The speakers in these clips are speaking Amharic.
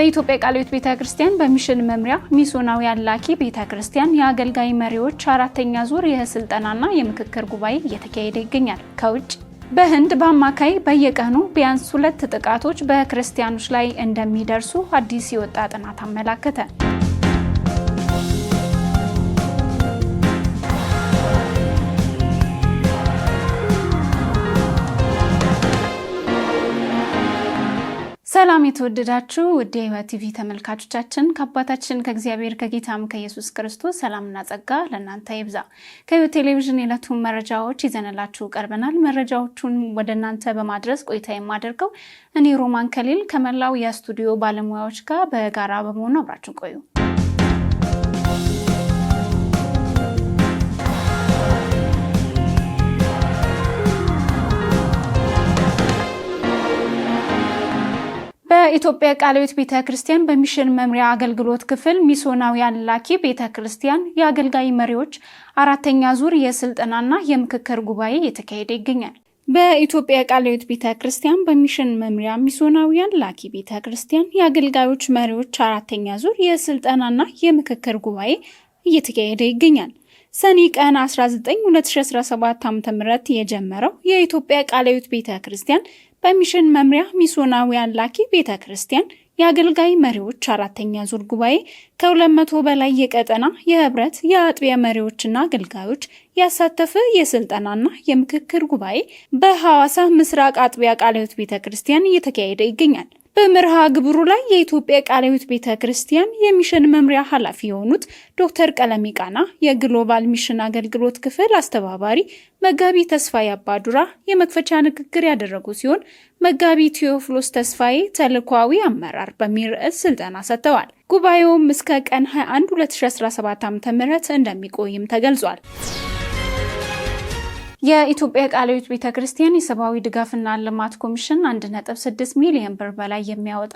በኢትዮጵያ ቃለ ሕይወት ቤተ ክርስቲያን በሚሽን መምሪያ ሚስዮናውያን ላኪ ቤተ ክርስቲያን የአገልጋይ መሪዎች አራተኛ ዙር የስልጠናና የምክክር ጉባኤ እየተካሄደ ይገኛል። ከውጭ በህንድ በአማካይ በየቀኑ ቢያንስ ሁለት ጥቃቶች በክርስቲያኖች ላይ እንደሚደርሱ አዲስ የወጣ ጥናት አመላከተ። ሰላም የተወደዳችሁ ውድ የሕይወት ቲቪ ተመልካቾቻችን ከአባታችን ከእግዚአብሔር ከጌታም ከኢየሱስ ክርስቶስ ሰላምና ጸጋ ለእናንተ ይብዛ። ከሕይወት ቴሌቪዥን የዕለቱን መረጃዎች ይዘንላችሁ ቀርበናል። መረጃዎቹን ወደ እናንተ በማድረስ ቆይታ የማደርገው እኔ ሮማን ከሊል ከመላው የስቱዲዮ ባለሙያዎች ጋር በጋራ በመሆኑ አብራችን ቆዩ። በኢትዮጵያ ቃላዊት ቤተ ክርስቲያን በሚሽን መምሪያ አገልግሎት ክፍል ሚስዮናውያን ላኪ ቤተ ክርስቲያን የአገልጋይ መሪዎች አራተኛ ዙር የስልጠናና የምክክር ጉባኤ እየተካሄደ ይገኛል። በኢትዮጵያ ቃላዊት ቤተ ክርስቲያን በሚሽን መምሪያ ሚስዮናውያን ላኪ ቤተ ክርስቲያን የአገልጋዮች መሪዎች አራተኛ ዙር የስልጠናና የምክክር ጉባኤ እየተካሄደ ይገኛል። ሰኔ ቀን 19 2017 ዓ.ም የጀመረው የኢትዮጵያ ቃለ ሕይወት ቤተ ክርስቲያን በሚሽን መምሪያ ሚስዮናውያን ላኪ ቤተ ክርስቲያን የአገልጋይ መሪዎች አራተኛ ዙር ጉባኤ ከ200 በላይ የቀጠና የህብረት የአጥቢያ መሪዎችና አገልጋዮች ያሳተፈ የስልጠናና የምክክር ጉባኤ በሐዋሳ ምስራቅ አጥቢያ ቃለ ሕይወት ቤተ ክርስቲያን እየተካሄደ ይገኛል። በመርሃ ግብሩ ላይ የኢትዮጵያ ቃለ ሕይወት ቤተ ክርስቲያን የሚሽን መምሪያ ኃላፊ የሆኑት ዶክተር ቀለሜ ቃና፣ የግሎባል ሚሽን አገልግሎት ክፍል አስተባባሪ መጋቢ ተስፋዬ አባዱራ የመክፈቻ ንግግር ያደረጉ ሲሆን መጋቢ ቴዎፍሎስ ተስፋዬ ተልኳዊ አመራር በሚል ርዕስ ስልጠና ሰጥተዋል። ጉባኤውም እስከ ቀን 21 2017 ዓ.ም እንደሚቆይም ተገልጿል። የኢትዮጵያ ቃላዊት ቤተ ክርስቲያን የሰብአዊ ድጋፍና ልማት ኮሚሽን 1.6 ሚሊዮን ብር በላይ የሚያወጣ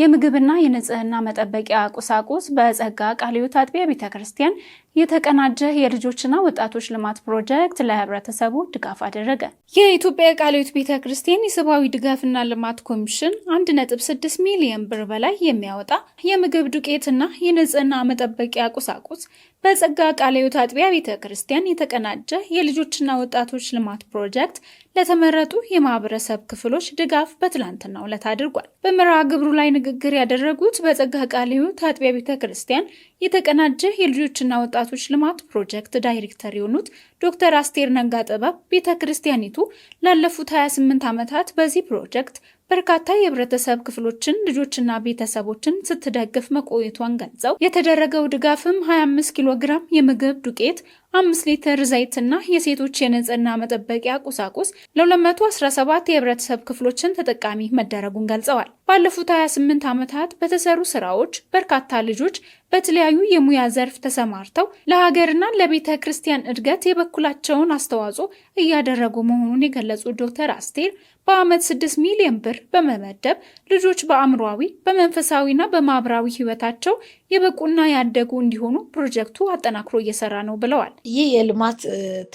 የምግብና የንጽህና መጠበቂያ ቁሳቁስ በጸጋ ቃላዊት አጥቢያ ቤተ ክርስቲያን የተቀናጀ የልጆችና ወጣቶች ልማት ፕሮጀክት ለህብረተሰቡ ድጋፍ አደረገ። የኢትዮጵያ የቃሊዮት ቤተ ክርስቲያን የሰብአዊ ድጋፍና ልማት ኮሚሽን 1.6 ሚሊዮን ብር በላይ የሚያወጣ የምግብ ዱቄትና የንጽህና መጠበቂያ ቁሳቁስ በጸጋ ቃሊዮት አጥቢያ ቤተ ክርስቲያን የተቀናጀ የልጆችና ወጣቶች ልማት ፕሮጀክት ለተመረጡ የማህበረሰብ ክፍሎች ድጋፍ በትላንትናው ዕለት አድርጓል። በመርሃ ግብሩ ላይ ንግግር ያደረጉት በጸጋ ቃሊዮት አጥቢያ ቤተ ክርስቲያን የተቀናጀ የልጆችና ወጣ ወጣቶች ልማት ፕሮጀክት ዳይሬክተር የሆኑት ዶክተር አስቴር ነጋ ጥበብ ቤተ ክርስቲያኒቱ ላለፉት 28 ዓመታት በዚህ ፕሮጀክት በርካታ የህብረተሰብ ክፍሎችን ልጆችና ቤተሰቦችን ስትደግፍ መቆየቷን ገልጸው የተደረገው ድጋፍም 25 ኪሎ ግራም የምግብ ዱቄት፣ 5 ሊትር ዘይትና የሴቶች የንጽህና መጠበቂያ ቁሳቁስ ለ217 የህብረተሰብ ክፍሎችን ተጠቃሚ መደረጉን ገልጸዋል። ባለፉት 28 ዓመታት በተሰሩ ስራዎች በርካታ ልጆች በተለያዩ የሙያ ዘርፍ ተሰማርተው ለሀገርና ለቤተ ክርስቲያን እድገት የበኩላቸውን አስተዋጽኦ እያደረጉ መሆኑን የገለጹት ዶክተር አስቴር በዓመት 6 ሚሊዮን ብር በመመደብ ልጆች በአእምሯዊ በመንፈሳዊና በማህበራዊ ህይወታቸው የበቁና ያደጉ እንዲሆኑ ፕሮጀክቱ አጠናክሮ እየሰራ ነው ብለዋል። ይህ የልማት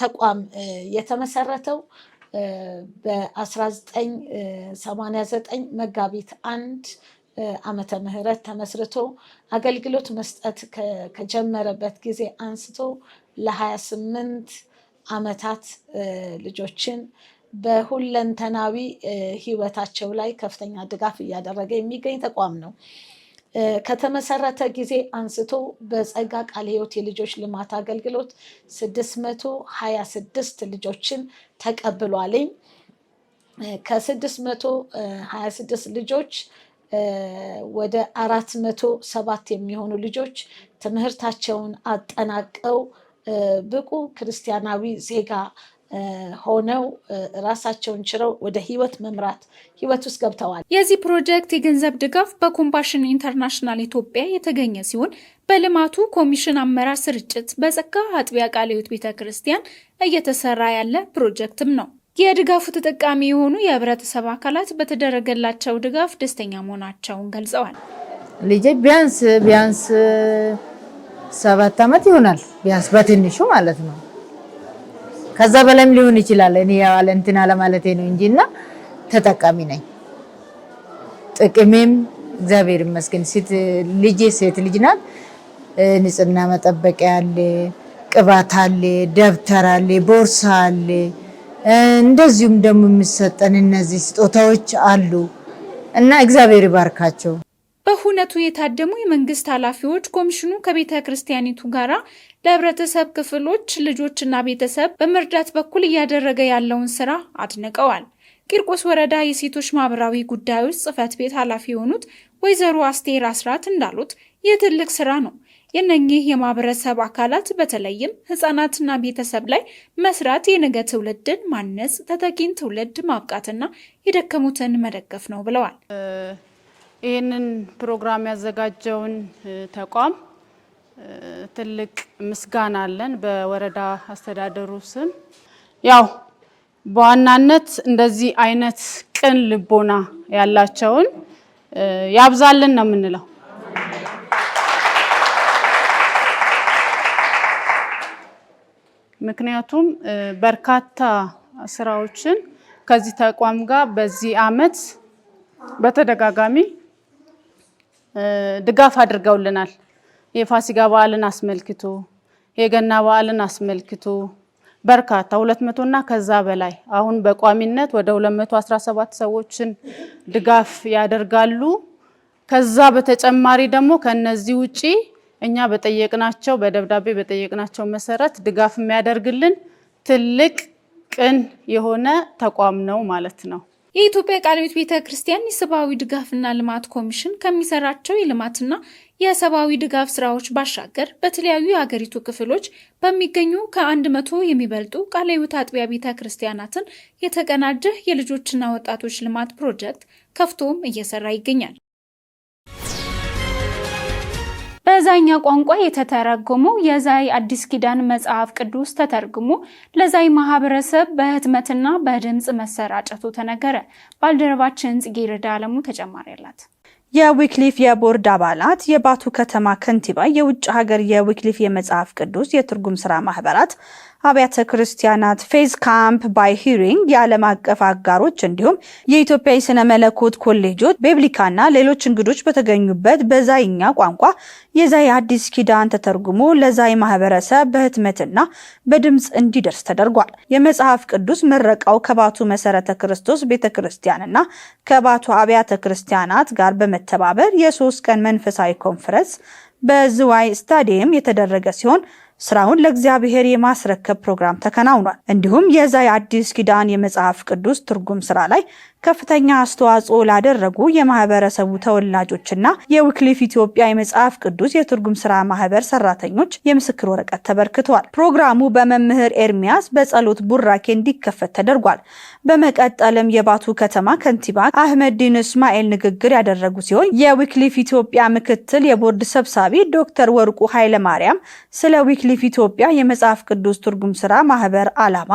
ተቋም የተመሰረተው በ1989 መጋቢት አንድ ዓመተ ምህረት ተመስርቶ አገልግሎት መስጠት ከጀመረበት ጊዜ አንስቶ ለ28 ዓመታት ልጆችን በሁለንተናዊ ህይወታቸው ላይ ከፍተኛ ድጋፍ እያደረገ የሚገኝ ተቋም ነው። ከተመሰረተ ጊዜ አንስቶ በጸጋ ቃለ ህይወት የልጆች ልማት አገልግሎት ስድስት መቶ ሀያ ስድስት ልጆችን ተቀብሏልኝ። ከስድስት መቶ ሀያ ስድስት ልጆች ወደ አራት መቶ ሰባት የሚሆኑ ልጆች ትምህርታቸውን አጠናቀው ብቁ ክርስቲያናዊ ዜጋ ሆነው ራሳቸውን ችለው ወደ ህይወት መምራት ህይወት ውስጥ ገብተዋል። የዚህ ፕሮጀክት የገንዘብ ድጋፍ በኮምፓሽን ኢንተርናሽናል ኢትዮጵያ የተገኘ ሲሆን በልማቱ ኮሚሽን አመራር ስርጭት በጸጋ አጥቢያ ቃለ ሕይወት ቤተ ክርስቲያን እየተሰራ ያለ ፕሮጀክትም ነው። የድጋፉ ተጠቃሚ የሆኑ የህብረተሰብ አካላት በተደረገላቸው ድጋፍ ደስተኛ መሆናቸውን ገልጸዋል። ልጄ ቢያንስ ቢያንስ ሰባት ዓመት ይሆናል ቢያንስ በትንሹ ማለት ነው ከዛ በላይም ሊሆን ይችላል። እኔ ያለ እንትና ለማለቴ ነው እንጂ እና ተጠቃሚ ነኝ። ጥቅሜም እግዚአብሔር ይመስገን። ሴት ልጅ ሴት ልጅ ናት። ንጽህና መጠበቂያ አለ፣ ቅባት አለ፣ ደብተር አለ፣ ቦርሳ አለ። እንደዚሁም ደግሞ የሚሰጠን እነዚህ ስጦታዎች አሉ እና እግዚአብሔር ይባርካቸው። በሁነቱ የታደሙ የመንግስት ኃላፊዎች ኮሚሽኑ ከቤተ ክርስቲያኒቱ ጋር ለህብረተሰብ ክፍሎች ልጆችና ቤተሰብ በመርዳት በኩል እያደረገ ያለውን ስራ አድንቀዋል። ቂርቆስ ወረዳ የሴቶች ማህበራዊ ጉዳዮች ጽህፈት ቤት ኃላፊ የሆኑት ወይዘሮ አስቴር አስራት እንዳሉት ይህ ትልቅ ስራ ነው። የነኚህ የማህበረሰብ አካላት በተለይም ህጻናትና ቤተሰብ ላይ መስራት የነገ ትውልድን ማነጽ፣ ተተኪን ትውልድ ማብቃትና የደከሙትን መደገፍ ነው ብለዋል። ይህንን ፕሮግራም ያዘጋጀውን ተቋም ትልቅ ምስጋና አለን። በወረዳ አስተዳደሩ ስም ያው በዋናነት እንደዚህ አይነት ቅን ልቦና ያላቸውን ያብዛልን ነው የምንለው። ምክንያቱም በርካታ ስራዎችን ከዚህ ተቋም ጋር በዚህ አመት በተደጋጋሚ ድጋፍ አድርገውልናል። የፋሲጋ በዓልን አስመልክቶ የገና በዓልን አስመልክቶ በርካታ ሁለት እና ከዛ በላይ አሁን በቋሚነት ወደ 217 ሰዎችን ድጋፍ ያደርጋሉ። ከዛ በተጨማሪ ደግሞ ከነዚህ ውጪ እኛ በጠየቅናቸው በደብዳቤ በጠየቅናቸው መሰረት ድጋፍ የሚያደርግልን ትልቅ ቅን የሆነ ተቋም ነው ማለት ነው። የኢትዮጵያ ቃለ ሕይወት ቤተ ክርስቲያን የሰብአዊ ድጋፍና ልማት ኮሚሽን ከሚሰራቸው የልማትና የሰብአዊ ድጋፍ ስራዎች ባሻገር በተለያዩ የሀገሪቱ ክፍሎች በሚገኙ ከአንድ መቶ የሚበልጡ ቃለ ሕይወት አጥቢያ ቤተ ክርስቲያናትን የተቀናጀ የልጆችና ወጣቶች ልማት ፕሮጀክት ከፍቶም እየሰራ ይገኛል። በዛኛ ቋንቋ የተተረጎመው የዛይ አዲስ ኪዳን መጽሐፍ ቅዱስ ተተርጉሞ ለዛይ ማህበረሰብ በህትመትና በድምፅ መሰራጨቱ ተነገረ። ባልደረባችን ጽጌረዳ አለሙ ተጨማሪ አላት። የዊክሊፍ የቦርድ አባላት፣ የባቱ ከተማ ከንቲባ፣ የውጭ ሀገር የዊክሊፍ የመጽሐፍ ቅዱስ የትርጉም ስራ ማህበራት አብያተ ክርስቲያናት ፌዝ ካምፕ ባይ ሂሪንግ የዓለም አቀፍ አጋሮች እንዲሁም የኢትዮጵያ የሥነ መለኮት ኮሌጆች ቤብሊካና ሌሎች እንግዶች በተገኙበት በዛይኛ ቋንቋ የዛይ አዲስ ኪዳን ተተርጉሞ ለዛይ ማህበረሰብ በህትመትና በድምፅ እንዲደርስ ተደርጓል። የመጽሐፍ ቅዱስ ምረቃው ከባቱ መሰረተ ክርስቶስ ቤተ ክርስቲያንና ከባቱ አብያተ ክርስቲያናት ጋር በመተባበር የሶስት ቀን መንፈሳዊ ኮንፈረንስ በዝዋይ ስታዲየም የተደረገ ሲሆን ስራውን ለእግዚአብሔር የማስረከብ ፕሮግራም ተከናውኗል። እንዲሁም የዛ የአዲስ ኪዳን የመጽሐፍ ቅዱስ ትርጉም ስራ ላይ ከፍተኛ አስተዋጽኦ ላደረጉ የማህበረሰቡ ተወላጆችና የዊክሊፍ ኢትዮጵያ የመጽሐፍ ቅዱስ የትርጉም ስራ ማህበር ሰራተኞች የምስክር ወረቀት ተበርክተዋል። ፕሮግራሙ በመምህር ኤርሚያስ በጸሎት ቡራኬ እንዲከፈት ተደርጓል። በመቀጠልም የባቱ ከተማ ከንቲባ አህመድዲን እስማኤል ንግግር ያደረጉ ሲሆን የዊክሊፍ ኢትዮጵያ ምክትል የቦርድ ሰብሳቢ ዶክተር ወርቁ ኃይለማርያም ስለ ዊክሊፍ ሊፍ ኢትዮጵያ የመጽሐፍ ቅዱስ ትርጉም ስራ ማህበር ዓላማ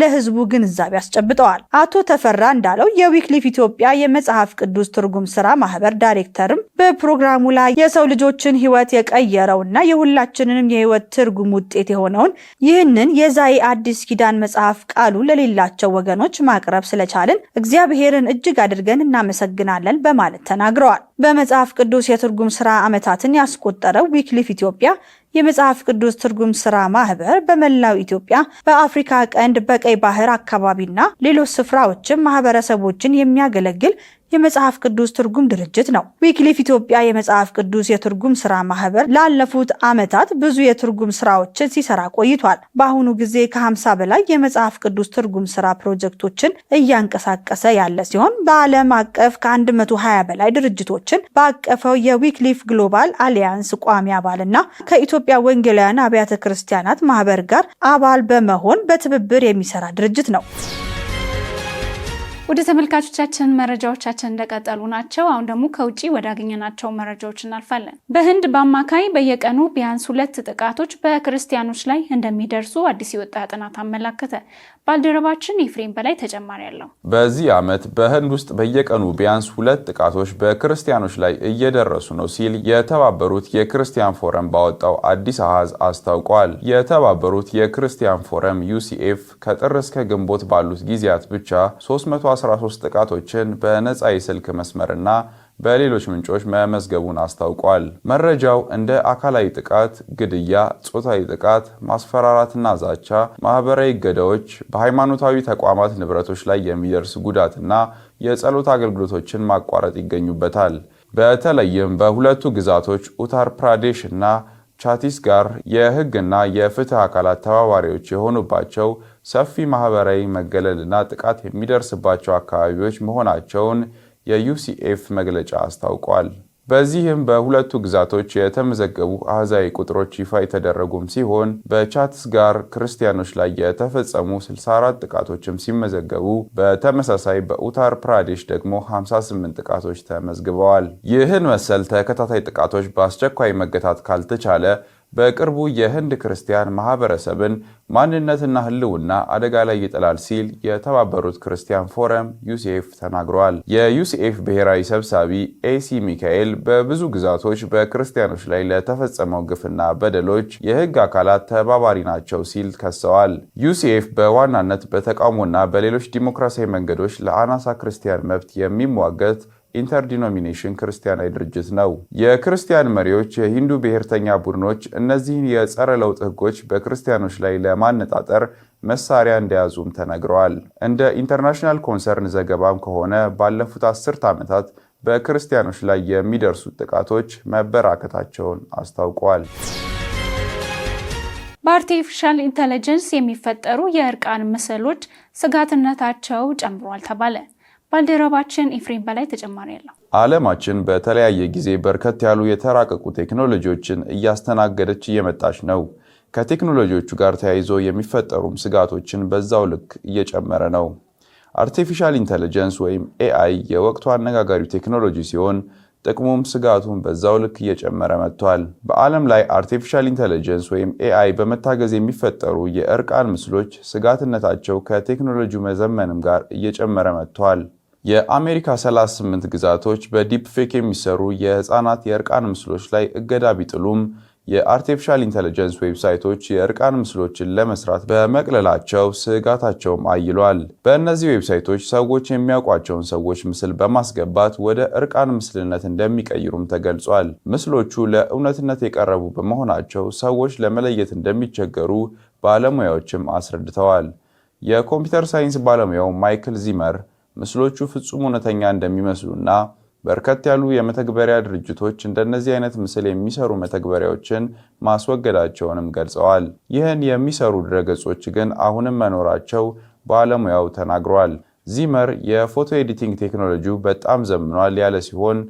ለህዝቡ ግንዛቤ አስጨብጠዋል። አቶ ተፈራ እንዳለው የዊክሊፍ ኢትዮጵያ የመጽሐፍ ቅዱስ ትርጉም ስራ ማህበር ዳይሬክተርም በፕሮግራሙ ላይ የሰው ልጆችን ህይወት የቀየረውና የሁላችንንም የህይወት ትርጉም ውጤት የሆነውን ይህንን የዛይ አዲስ ኪዳን መጽሐፍ ቃሉ ለሌላቸው ወገኖች ማቅረብ ስለቻልን እግዚአብሔርን እጅግ አድርገን እናመሰግናለን በማለት ተናግረዋል። በመጽሐፍ ቅዱስ የትርጉም ስራ ዓመታትን ያስቆጠረው ዊክሊፍ ኢትዮጵያ የመጽሐፍ ቅዱስ ትርጉም ስራ ማህበር በመላው ኢትዮጵያ በአፍሪካ ቀንድ በቀይ ባህር አካባቢና ሌሎች ስፍራዎችም ማህበረሰቦችን የሚያገለግል የመጽሐፍ ቅዱስ ትርጉም ድርጅት ነው። ዊክሊፍ ኢትዮጵያ የመጽሐፍ ቅዱስ የትርጉም ስራ ማህበር ላለፉት ዓመታት ብዙ የትርጉም ስራዎችን ሲሰራ ቆይቷል። በአሁኑ ጊዜ ከ50 በላይ የመጽሐፍ ቅዱስ ትርጉም ስራ ፕሮጀክቶችን እያንቀሳቀሰ ያለ ሲሆን በዓለም አቀፍ ከ120 በላይ ድርጅቶችን ባቀፈው የዊክሊፍ ግሎባል አሊያንስ ቋሚ አባልና ከኢትዮጵያ ወንጌላውያን አብያተ ክርስቲያናት ማህበር ጋር አባል በመሆን በትብብር የሚሰራ ድርጅት ነው። ወደ ተመልካቾቻችን መረጃዎቻችን እንደቀጠሉ ናቸው። አሁን ደግሞ ከውጭ ወዳገኘናቸው መረጃዎች እናልፋለን። በህንድ በአማካይ በየቀኑ ቢያንስ ሁለት ጥቃቶች በክርስቲያኖች ላይ እንደሚደርሱ አዲስ የወጣ ጥናት አመላከተ። ባልደረባችን ኤፍሬም በላይ ተጨማሪ አለው። በዚህ ዓመት በህንድ ውስጥ በየቀኑ ቢያንስ ሁለት ጥቃቶች በክርስቲያኖች ላይ እየደረሱ ነው ሲል የተባበሩት የክርስቲያን ፎረም ባወጣው አዲስ አሃዝ አስታውቋል። የተባበሩት የክርስቲያን ፎረም ዩሲኤፍ ከጥር እስከ ግንቦት ባሉት ጊዜያት ብቻ 3 13 ጥቃቶችን በነፃ የስልክ መስመርና በሌሎች ምንጮች መመዝገቡን አስታውቋል። መረጃው እንደ አካላዊ ጥቃት፣ ግድያ፣ ጾታዊ ጥቃት፣ ማስፈራራትና ዛቻ፣ ማህበራዊ እገዳዎች፣ በሃይማኖታዊ ተቋማት ንብረቶች ላይ የሚደርስ ጉዳትና የጸሎት አገልግሎቶችን ማቋረጥ ይገኙበታል። በተለይም በሁለቱ ግዛቶች ኡታር ፕራዴሽ እና ቻቲስ ጋር የህግና የፍትህ አካላት ተባባሪዎች የሆኑባቸው ሰፊ ማህበራዊ መገለልና ጥቃት የሚደርስባቸው አካባቢዎች መሆናቸውን የዩሲኤፍ መግለጫ አስታውቋል። በዚህም በሁለቱ ግዛቶች የተመዘገቡ አህዛዊ ቁጥሮች ይፋ የተደረጉም ሲሆን በቻትስ ጋር ክርስቲያኖች ላይ የተፈጸሙ 64 ጥቃቶችም ሲመዘገቡ በተመሳሳይ በኡታር ፕራዴሽ ደግሞ 58 ጥቃቶች ተመዝግበዋል። ይህን መሰል ተከታታይ ጥቃቶች በአስቸኳይ መገታት ካልተቻለ በቅርቡ የህንድ ክርስቲያን ማህበረሰብን ማንነትና ህልውና አደጋ ላይ ይጥላል ሲል የተባበሩት ክርስቲያን ፎረም ዩሲኤፍ ተናግረዋል። የዩሲኤፍ ብሔራዊ ሰብሳቢ ኤሲ ሚካኤል በብዙ ግዛቶች በክርስቲያኖች ላይ ለተፈጸመው ግፍና በደሎች የህግ አካላት ተባባሪ ናቸው ሲል ከሰዋል። ዩሲኤፍ በዋናነት በተቃውሞና በሌሎች ዲሞክራሲያዊ መንገዶች ለአናሳ ክርስቲያን መብት የሚሟገት ኢንተርዲኖሚኔሽን ክርስቲያናዊ ድርጅት ነው። የክርስቲያን መሪዎች የሂንዱ ብሔርተኛ ቡድኖች እነዚህን የጸረ ለውጥ ህጎች በክርስቲያኖች ላይ ለማነጣጠር መሳሪያ እንደያዙም ተነግረዋል። እንደ ኢንተርናሽናል ኮንሰርን ዘገባም ከሆነ ባለፉት አስርት ዓመታት በክርስቲያኖች ላይ የሚደርሱት ጥቃቶች መበራከታቸውን አስታውቋል። በአርቲፊሻል ኢንተለጀንስ የሚፈጠሩ የእርቃን ምስሎች ስጋትነታቸው ጨምሯል ተባለ። ባልደረባችን ኤፍሬም በላይ ተጨማሪ ያለው። ዓለማችን በተለያየ ጊዜ በርከት ያሉ የተራቀቁ ቴክኖሎጂዎችን እያስተናገደች እየመጣች ነው። ከቴክኖሎጂዎቹ ጋር ተያይዞ የሚፈጠሩም ስጋቶችን በዛው ልክ እየጨመረ ነው። አርቲፊሻል ኢንተለጀንስ ወይም ኤአይ የወቅቱ አነጋጋሪው ቴክኖሎጂ ሲሆን ጥቅሙም ስጋቱን በዛው ልክ እየጨመረ መጥቷል። በዓለም ላይ አርቲፊሻል ኢንተለጀንስ ወይም ኤአይ በመታገዝ የሚፈጠሩ የእርቃን ምስሎች ስጋትነታቸው ከቴክኖሎጂው መዘመንም ጋር እየጨመረ መጥቷል። የአሜሪካ 38 ግዛቶች በዲፕ ፌክ የሚሰሩ የህፃናት የእርቃን ምስሎች ላይ እገዳ ቢጥሉም የአርቲፊሻል ኢንተለጀንስ ዌብሳይቶች የእርቃን ምስሎችን ለመስራት በመቅለላቸው ስጋታቸውም አይሏል። በእነዚህ ዌብሳይቶች ሰዎች የሚያውቋቸውን ሰዎች ምስል በማስገባት ወደ እርቃን ምስልነት እንደሚቀይሩም ተገልጿል። ምስሎቹ ለእውነትነት የቀረቡ በመሆናቸው ሰዎች ለመለየት እንደሚቸገሩ ባለሙያዎችም አስረድተዋል። የኮምፒውተር ሳይንስ ባለሙያው ማይክል ዚመር ምስሎቹ ፍጹም እውነተኛ እንደሚመስሉና በርከት ያሉ የመተግበሪያ ድርጅቶች እንደነዚህ አይነት ምስል የሚሰሩ መተግበሪያዎችን ማስወገዳቸውንም ገልጸዋል። ይህን የሚሰሩ ድረገጾች ግን አሁንም መኖራቸው ባለሙያው ተናግሯል። ዚመር የፎቶ ኤዲቲንግ ቴክኖሎጂው በጣም ዘምኗል ያለ ሲሆን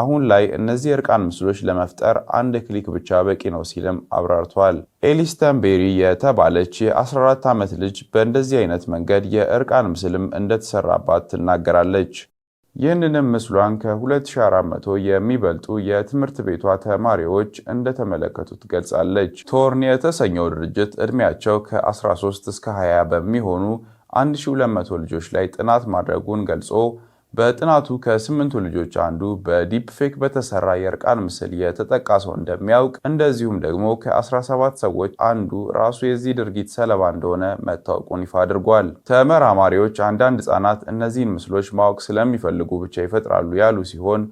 አሁን ላይ እነዚህ የእርቃን ምስሎች ለመፍጠር አንድ ክሊክ ብቻ በቂ ነው ሲልም አብራርቷል። ኤሊስተን ቤሪ የተባለች የ14 ዓመት ልጅ በእንደዚህ አይነት መንገድ የእርቃን ምስልም እንደተሰራባት ትናገራለች። ይህንንም ምስሏን ከ2400 የሚበልጡ የትምህርት ቤቷ ተማሪዎች እንደተመለከቱት ገልጻለች። ቶርን የተሰኘው ድርጅት ዕድሜያቸው ከ13 እስከ 20 በሚሆኑ 1200 ልጆች ላይ ጥናት ማድረጉን ገልጾ በጥናቱ ከስምንቱ ልጆች አንዱ በዲፕ ፌክ በተሰራ የእርቃን ምስል የተጠቃ ሰው እንደሚያውቅ እንደዚሁም ደግሞ ከ17 ሰዎች አንዱ ራሱ የዚህ ድርጊት ሰለባ እንደሆነ መታወቁን ይፋ አድርጓል። ተመራማሪዎች አንዳንድ ህጻናት እነዚህን ምስሎች ማወቅ ስለሚፈልጉ ብቻ ይፈጥራሉ ያሉ ሲሆን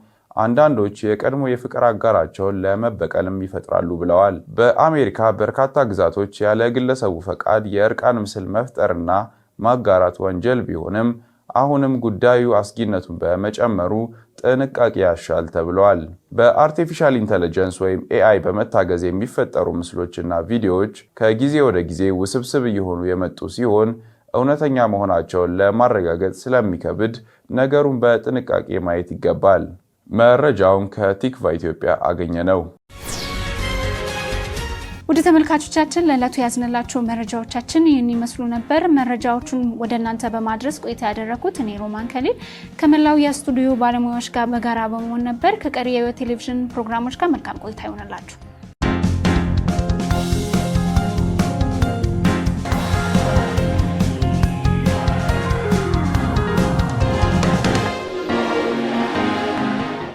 አንዳንዶች የቀድሞ የፍቅር አጋራቸውን ለመበቀልም ይፈጥራሉ ብለዋል። በአሜሪካ በርካታ ግዛቶች ያለ ግለሰቡ ፈቃድ የእርቃን ምስል መፍጠርና ማጋራት ወንጀል ቢሆንም አሁንም ጉዳዩ አስጊነቱን በመጨመሩ ጥንቃቄ ያሻል ተብለዋል። በአርቲፊሻል ኢንተለጀንስ ወይም ኤአይ በመታገዝ የሚፈጠሩ ምስሎችና ቪዲዮዎች ከጊዜ ወደ ጊዜ ውስብስብ እየሆኑ የመጡ ሲሆን እውነተኛ መሆናቸውን ለማረጋገጥ ስለሚከብድ ነገሩን በጥንቃቄ ማየት ይገባል። መረጃውን ከቲክቫ ኢትዮጵያ አገኘ ነው። ወደ ተመልካቾቻችን ለዕለቱ ያዝንላቸው መረጃዎቻችን ይህን ይመስሉ ነበር። መረጃዎቹን ወደ እናንተ በማድረስ ቆይታ ያደረኩት እኔ ሮማን ከሌል ከመላው የስቱዲዮ ባለሙያዎች ጋር በጋራ በመሆን ነበር። ከቀሪ የቴሌቪዥን ቴሌቪዥን ፕሮግራሞች ጋር መልካም ቆይታ ይሆንላችሁ።